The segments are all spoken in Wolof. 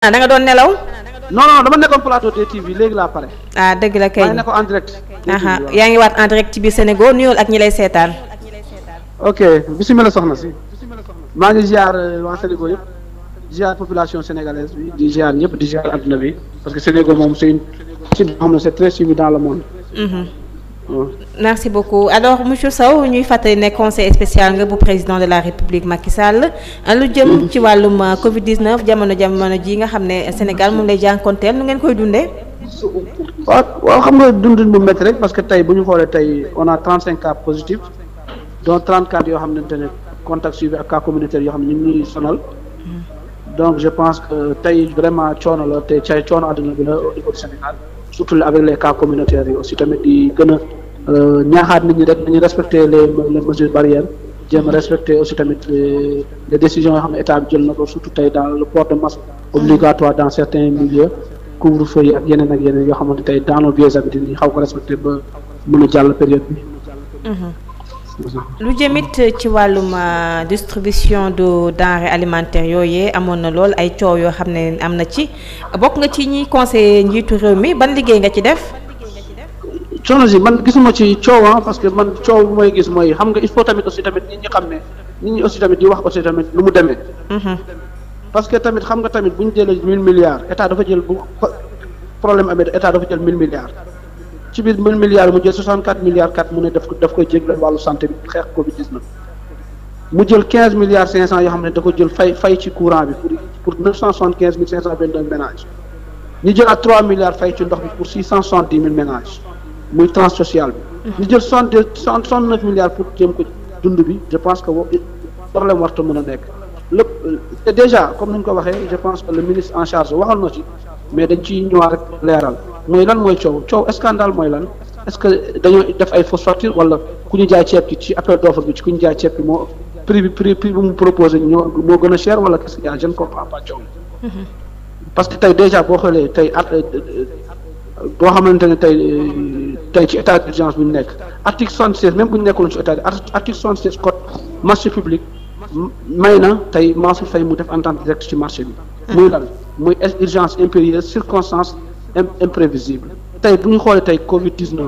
ah da nga doon nelaw. non non dama nekkoon plateau TV léegi laa pare. ah dëgg la kay maa ngi nekkoon en yaa ngi waat en direct ci biir Sénégal nuyool ak ñi lay seetaan. ok bisimilah soxna si. maa ngi ziar euh, waa Sénégal yëpp ziar population sénégalaise bi di ziar ñëpp di ziar adduna bi parce que Sénégal moom c'est une cité boo xam ne c'est très suivi dans le monde. Mhm. Mm. merci beaucoup alors monsieur Sow ñuy fàttali ne conseil spécial nga bu président de la république Macky Sall. Ah, lu jëm mm. ci wàllum euh, Covid 19 jamono jamono ji nga xam ne Sénégal moom lay jànkonteel nu ngeen koy dundee. waaw waaw xam nga dundin bu métti rek parce que tey bu ñu xoolee tey on a 35 cas positifs dont 34 yoo xamante ne contact suivi ak cas communautaire yoo xam ne ñu ngi ñuy sonal. donc je pense que tey vraiment coono la te cay coono àdduna bi la au niveau du Sénégal surtout avec yi aussi tamit di Euh, ñaaxaat nit ñi rek nañu respecter les les mesures barrières jéem a aussi tamit les décisions yoo xam ne état bi jël na ko surtout tey dans le port de masque obligatoire dans certains milieux couvre-feu yi ak yeneen ak yeneen yoo xamante tey dans nos vieux habitudes yi xaw ko respecter ba mën a jàll période bi. Mhm. lu jëmit ci wàllum euh, distribution de denrées alimentaires yooyee amoon na lool ay coow yoo xam ne am na ci bokk nga ci ñiy conseiller njiitu réew mi ban liggéey nga ci def. soxna si man gisuma ci coow ah, parce que man coow bu may gis mooy xam nga il faut tamit aussi tamit nit ñi xam ne ñi aussi tamit di wax aussi tamit lu mu demee. Mm-hmm. parce que tamit xam nga tamit bu ñu jëlee mille milliards état dafa jël bu problème amee état dafa jël mille milliards. ci biir mille milliards mu jël 64 milliards 4 mu ne daf ko daf koy jégle wàllu santé bi xeex Covid 19. mu jël 15 milliards 500 yoo xam ne da ko jël fay fay ci courant bi pour pour 975 mille 522 ménages. ñu jëlaat 3 milliards fay ci muy tranche sociale bi. Mm-hmm. ñu jël soixante deux soixante neuf milliards pour jéem ko dund bi je pense que boobu problème warta mën a nekk lépp euh, te déjà comme ni ko waxee je pense que le ministre en charge waxal na ci mais dañ ciy ñëwaat rek leeral mooy lan mooy coow coow scandale mooy lan est-ce que dañoo def ay fausse facture wala ku ñu jaay ceeb bi ci appel d'offre bi ci ku ñu jaay ceeb bi moo prix bi bu mu proposé ñoo moo gën a cher wala qu'est-ce qu'il y a je mm-hmm. que tey déjà boo xoolee tey at euh, euh, boo ne tey. tey ci état d'urgence bu ñu nekk article soixante-seize bu ñu nekkoon ci état article soixante-seize code marché public may na tey Mansour Faye mu def entente directe ci marché bi muy lan muy urgence impérieuse circonstance imprévisible tey bu ñu xoolee tey covid 19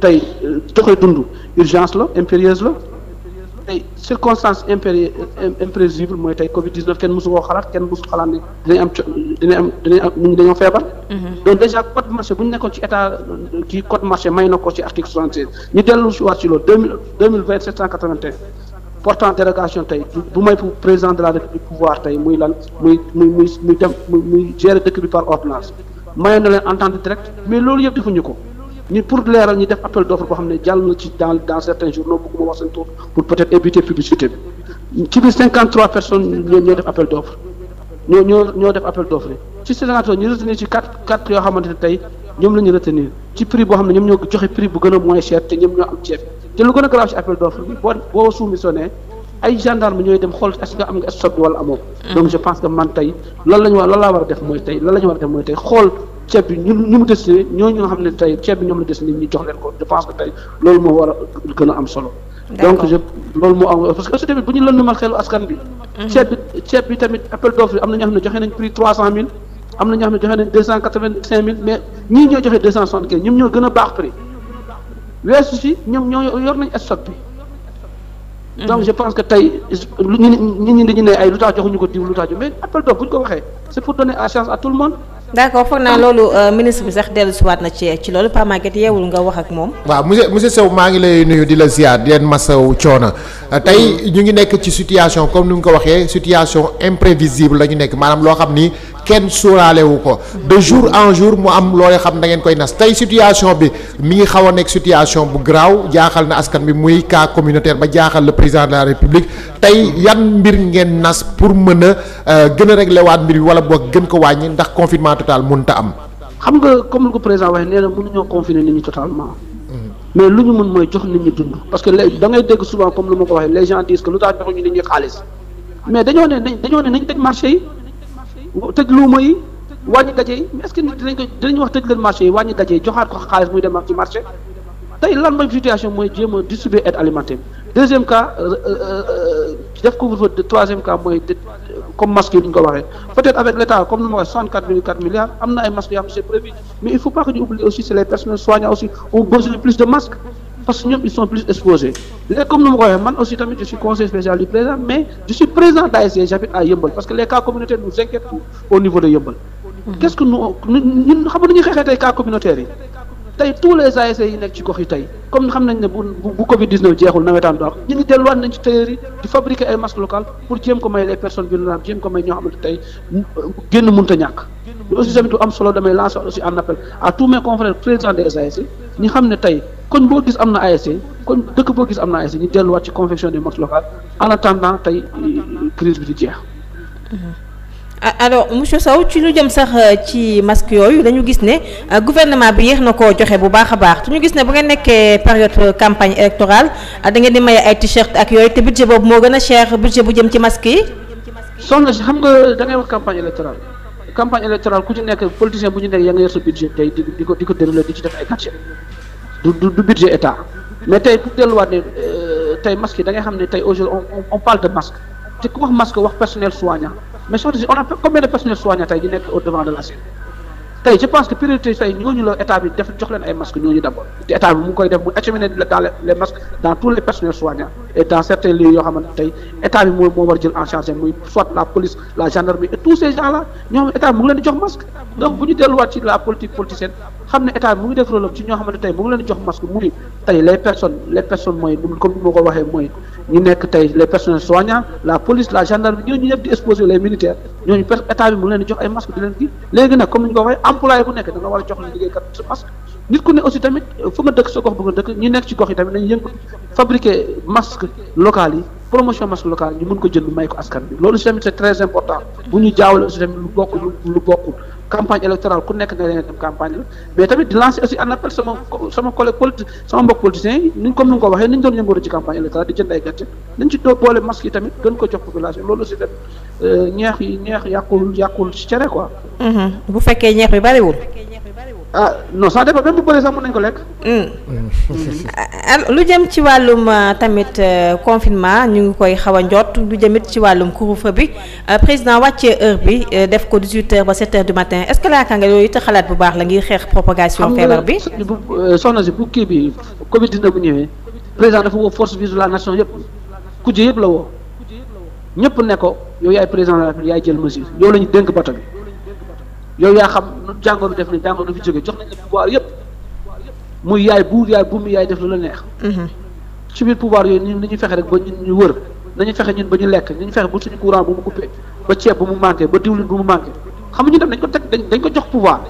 tey euh, doxee dund urgence la impérieuse la tey circonstance impéri imprévisible mooy tey Covid 19 kenn mosu koo xalaat kenn mosu xalaat ne dinañ am co dinañ am dinañ am nit ñi dañoo feebar. Mm-hmm. donc déjà code marché bu ñu nekkoon ci état kii code marché may na ko ci article soixante seize ñu dellu si waat ci loolu deux mille deux mille vingt sept cent quatre vingt un portant dérogation tey bu may pour président de la république pouvoir tey muy lan muy muy muy muy dem muy gérer dëkk bi par ordonnance mayoon na leen entente directe mais loolu yëpp defuñu ko. ñu pour leeral ñu def appel d'offre boo xam ne jàll na ci dans dans certains journaux bëgguma wax seen tur pour peut-être éviter publicité bi ci biir 53 personnes ñoo def appel d'offre ñoo ñoo ñoo def appel d'offre yi ci 53 ñu retenir ci 4 4 yoo xamante ne tey ñoom la ñu retenir ci prix boo xam ne ñoom ñoo joxe prix bu gën a moins cher te ñoom ñoo am ceeb te lu gën grave ci appel d'offre bi boo boo soumissionné ay wala amoo. Mm. donc je man tey loolu la ñu war loolu laa war tey la ñu war a def mooy ceeb bi ñu ñu mu destiné ñooñu nga xam ne tey ceeb bi ñoom la destiné ñu jox leen ko je pense que tey loolu moo war a gën a am solo. donc je que aussi tamit bu ñu lëndumal bi. Mhm. ceeb bi ceeb bi tamit na ñoo xam ne joxe nañ prix trois cent mille am na ñoo xam ne joxe nañ deux ñoo joxe deux cent soixante quinze ñoom mhm. pense que tey lu ñi dañu ne ay lu tax joxuñu ko diw lu tax jox mais appel d'offre bu ñu ko waxee c'est pour donner la à tout le monde. d'accord foog naa loolu euh, ministre bi sax dellusiwaat na ci ci loolu Pa Maguette yeewul nga wax ak moom. waaw monsieur monsieur sew maa ngi lay nuyu di la ziar di leen masawu coono euh, tey ñu ngi nekk ci situation comme ni mu ko waxee situation imprévisible la ñu nekk maanaam loo xam ni. kenn suuraale ko de jour en jour mu am looy xam da ngeen koy nas tey situation bi mi ngi xaw a nekk situation bu garaaw jaaxal na askan bi muy cas communautaire ba jaaxal le président de la république tey yan mbir ngeen nas pour mën a euh, gën a régler waat mbir bi wala boog gën ko wàññi ndax confinement total mënut a am. xam nga comme lu ko président waxee nee na mënuñoo confiner nit ñi totalement. Mm-hmm. mais lu ñu mën mooy jox nit ñi dund parce que léegi da ngay ne dañoo ne nañ tëj luuma yi wàññi daje yi mais est-ce que dinañ wax tëj leen marché yi wàññi daje yi joxaat ko xaalis muy dem ci marché tey lan mooy situation mooy jéem a distribuer aide alimentaire deuxième cas euh, euh, def couvre-feu troisième cas mooy comme masque yi ñu ko waxee peut-être avec l'État comme nu ma waxee soixante quatre virgule quatre milliards am na ay masques yoo xam c'est prévu mais il faut pas que ñu oublie aussi plus de masques parce que ñoom ils sont plus exposés léegi comme nu ma ko waxee man aussi tamit je suis spécial du président mais je suis président d'ASC j'habite à parce que les cas communautaires nous inquiètent au niveau de Yeumbeul mhm. qu'est-ce que nous ñun xam nañu xeexee tey cas communautaires yi tey tous les ASC yi nekk ci gox yi tey comme xam nañ ne bu bu Covid 19 jeexul nawetaan du am ñu ngi delluwaat nañ ci di fabriquer ay masques locales tey. koñ boo gis am na ASC kon dëkk boo gis am na ASC ñu delluwaat ci confection des marques locales en attendant tey crise bi di jeex. Ah, alors monsieur Sow ci lu jëm sax euh, ci masque yooyu dañu gis ne euh, gouvernement bi yéex na koo joxe bu baax a baax te ñu gis ne bu ngeen nekkee période euh, campagne électorale da ngeen di maye ay t-shirt ak yooyu te budget boobu moo gën a cher budget bu jëm ci masque yi. soxna si xam nga da ngay wax campagne électorale campagne électorale ku ci nekk politicien bu ñu nekk yaa ko di ko déroulé ci def ay du du budget état mais tey bu delluwaat ne euh, tey masque yi da xam ne tey aujourd'hui on parle de masque te ku wax masque wax personnel soignant mais soxna a combien de personnel soignant tey di nekk au devant de la scène tey je pense que priorité tey ñooñu la état bi def jox leen ay masques ñooñu d'abord te état bi mu ngi koy def mu acheminé dans les yoo xamante tey état bi moo war jël en charge muy soit la police la gendarmerie et tous ces gens là ñoom état bi mu ngi leen jox masque donc bu ñu delluwaat ci la politique politicienne xam ne état bi mu ngi def rôle ci ñoo xamante tey mu ngi leen jox masque muy tey les personnes les personnes mooy comme ni ko waxee mooy ñu nekk tey les personnels soignants la police la gendarmerie ñooñu ñëpp di exposer les militaires ñooñu état bi mu leen di jox ay masque di leen kii léegi nag comme ni ko a jox leen liggéeykat sa masque nit ku ne aussi tamit euh, fu nga dëkk sa gox bu nga dëkk ñi nekk ci gox yi tamit nañu yëngu fabriquer masque local yi promotion masque local ñu mën ko jënd may ko askan bi loolu aussi tamit c'est très important bu ñu jaawale aussi tamit lu bokk lu bokkul campagne électorale ku nekk nga leen dem campagne la mais tamit di lancer aussi un appel sama sama collègue politique sama mbokk politiciens yi comme ni nga waxee ni ñu doon yëngatu ci campagne électorale di jënd ay gerte nañ ci doo boole masque yi tamit gën ko jox population loolu aussi tamit euh, ñeex yi ñeex yàqul yàqul ci cere quoi. Mhm. bu fekkee ñeex bi bariwul. ah non ça dépend même bu bëree sax ko lekk. Mm. Mm. Ah, lu jëm ci wàllum ah, tamit euh, confinement ñu ngi koy xaw a njot lu jëmit ci wàllum couvre bi euh, président wàccee heure bi euh, def ko 18h ba 7h du matin est-ce nga yooyu te xalaat bu baax la ngir xeex propagation. feebar bi soxna si bu kii bi Covid dina bu ñëwee président dafa woo force vive de la nation yëpp kuje yëpp la woo ñëpp ne ko yow yaay président yaay jël mesure yow la ñu dénk bato bi. yow yaa xam nu jàngoro def ne jàngoro du fi jóge jox nañ la pouvoir yépp muy yaay buur yaay bu mu yaay def lu la neex mm-hmm. ci biir pouvoir yooyu ni ñu fexe rek ba ñun ñu wër nañu fexe ñun ba ñu lekk nañu fexe ba suñu courant bu mu coupé ba ceeb bu mu manqué ba diwlin bu mu manqué xam nga ñu dem dañ ko teg dañ ko jox pouvoir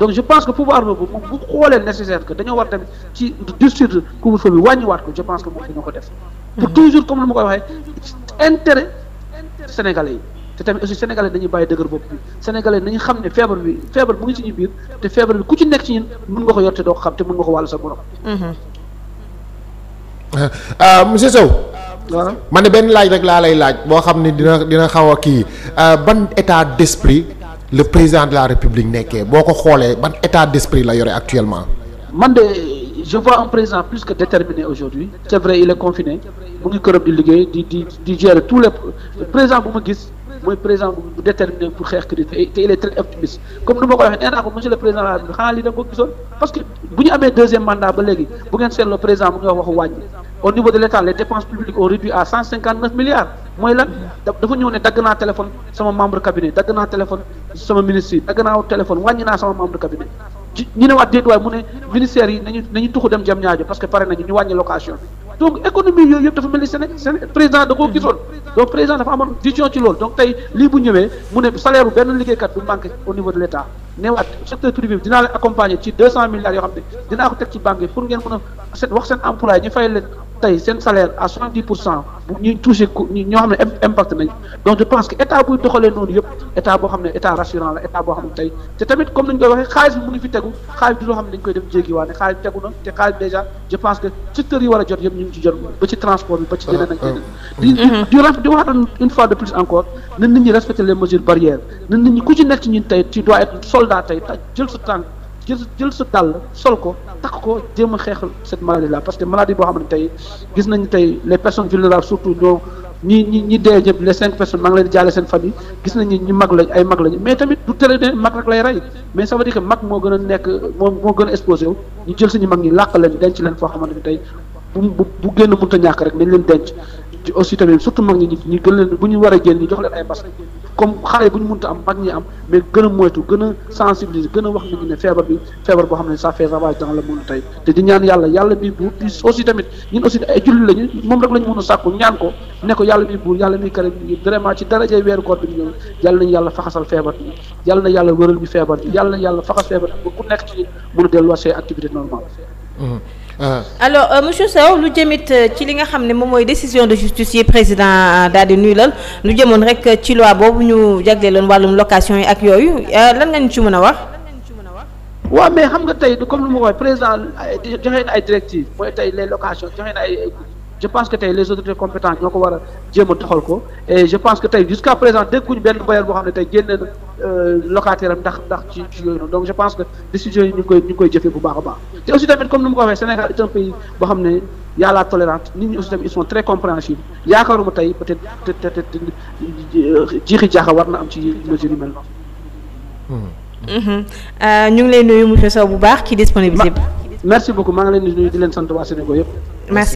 donc je pense que pouvoir boobu bu xoolee nécessaire que dañoo war tamit ci disturbe couvre-feu bi wàññiwaat ko je pense que moom dina ko def mm-hmm. comme lu ma koy waxee te tamit aussi sénégalais nañu bàyyi dëgër bopp bi sénégalais nañu xam ne feebar bi feebar bu ngi ci ñu biir te feebar bi ku ci nekk ci ñun mën nga ko yor te doo ko xam te mën nga ko wàll sa borom. Mhm. Ah, ah monsieur Sow. waaw ma ne benn laaj rek laa lay laaj boo xam ne dina dina xaw a kii ah, ban état d'esprit le président de la république nekkee boo ko xoolee ban état d'esprit la yore actuellement. man de je vois un président plus que déterminé aujourd'hui c'est vrai il est confiné mu di liggéey di di di gérer président bu ma gis. mooy président bu déterminé pour xeex crise te il est très optimiste comme nu ma ko waxee nee naa ko monsieur le président la bi xanaa lii da ko gisoon parce que bu ñu amee deuxième mandat ba léegi bu ngeen seetloo président mu ngi waxu wàññi au niveau de l' les dépenses publiques ont réduit à cent cinquante neuf milliards mooy lan dafa ñëw ne dagg naa téléphone sama membre cabinet dagg naa téléphone sama ministre yi dagg naa téléphone wàññi naa sama membre cabinet que pare nañu ñu wàññi location donc économie yooyu yëpp dafa mel ni Sénégal président da koo hmm. gisoon donc président dafa amoon vision ci loolu donc tey lii bu ñëwee mu ne salaire benn liggéeykat bu manqué au niveau de l' neewaat secteur privé bi dinaa leen accompagner ci deux cent milliards yoo xam ne dinaa ko teg ci banque yi pour ngeen mën a wax seen employé ñu fay leen tey seen salaire à soixante dix pour cent bu ñuy touché ku ñoo xam ne impact nañ donc je pense que état buy doxalee noonu yëpp état boo xam ne état rassurant la état boo xam ne tey te tamit comme nañ koy waxee xaalis bi mu ngi fi tegu xaalis bi loo xam ne dañ koy def jéggiwaane xaalis tegu na te xaalis déjà je pense que secteurs yi war a jot yëpp ñu ngi ci jot ba ci transport bi ba ci ah, yeneen ak ah. yeneen mm-hmm. di di une fois de plus encore na nit ñi respecter les mesures barrières tànk jël jël sa dàll sol ko takk ko jéem a xeexal cette maladie là parce que maladie boo xam ne tey gis nañu tey les person vulnérables surtout ñoo ñi ñi ñi dee ñëpp les cinq personnes maa leen jaale seen famille gis nañu ñu mag lañ ay mag lañu mais tamit du tere ne mag rek lay rey mais ça veut dire que mag moo gën a nekk moo moo gën a exposé wu ñu jël suñu mag ñi làq leen denc leen foo xamante ne tey bu bu génn mënut a ñàkk rek nañ leen denc ci aussi tamit surtout mag ñi ñu gën leen bu ñu war a génn ñu jox leen ay masque comme xale bu ñu mënta am mag ñi am mais gën a moytu gën a wax nit ñi ne feebar bi feebar boo xam ne ça fait ravage dans le monde tey te di ñaan yàlla yàlla mi buur di aussi tamit ñun aussi ay julli lañu moom rek la ñu mën a sàkku ñaan ko ne ko yàlla mi buur yàlla mi karim vraiment ci darajey weeru koor bi ñu ñëw yàlla nañu yàlla faxasal feebar bi yàlla na yàlla wëral ñu feebar bi yàlla na yàlla faxas feebar bi ba ku nekk ci Ah. alors euh, monsieur Sow lu jëmit euh, ci li nga xam ne moom mooy décision de justice yi président euh, daal di nuyu lal lu jëmoon rek ci loi boobu ñu jagleeloon wàllum location yi ak yooyu lan nga ñu ci mën a wax. waaw mais xam nga tey comme lu ma ko président joxe na ay directives mooy tey les locations joxe na ay. je pense que tey les autorités compétentes ñoo ko war a jéem a doxal ko et je pense que tey jusqu'à présent dégguñu benn bailleur boo xam ne tey génne na euh, ndax ndax ci yooyu noonu donc je pense que décision yi ñu ngi koy ñu bu baax a baax te aussi tamit comme ni mu ko waxee Sénégal est un pays boo xam ne y a la tolérance nit ñi aussi tamit ils sont très compréhensifs yaakaaruma tey jiixi jaaxa war na am ci mesure mm-hmm. euh, ñu ngi lay nuyu monsieur Sow bu baax ci disponibilité bi. merci beaucoup maa ngi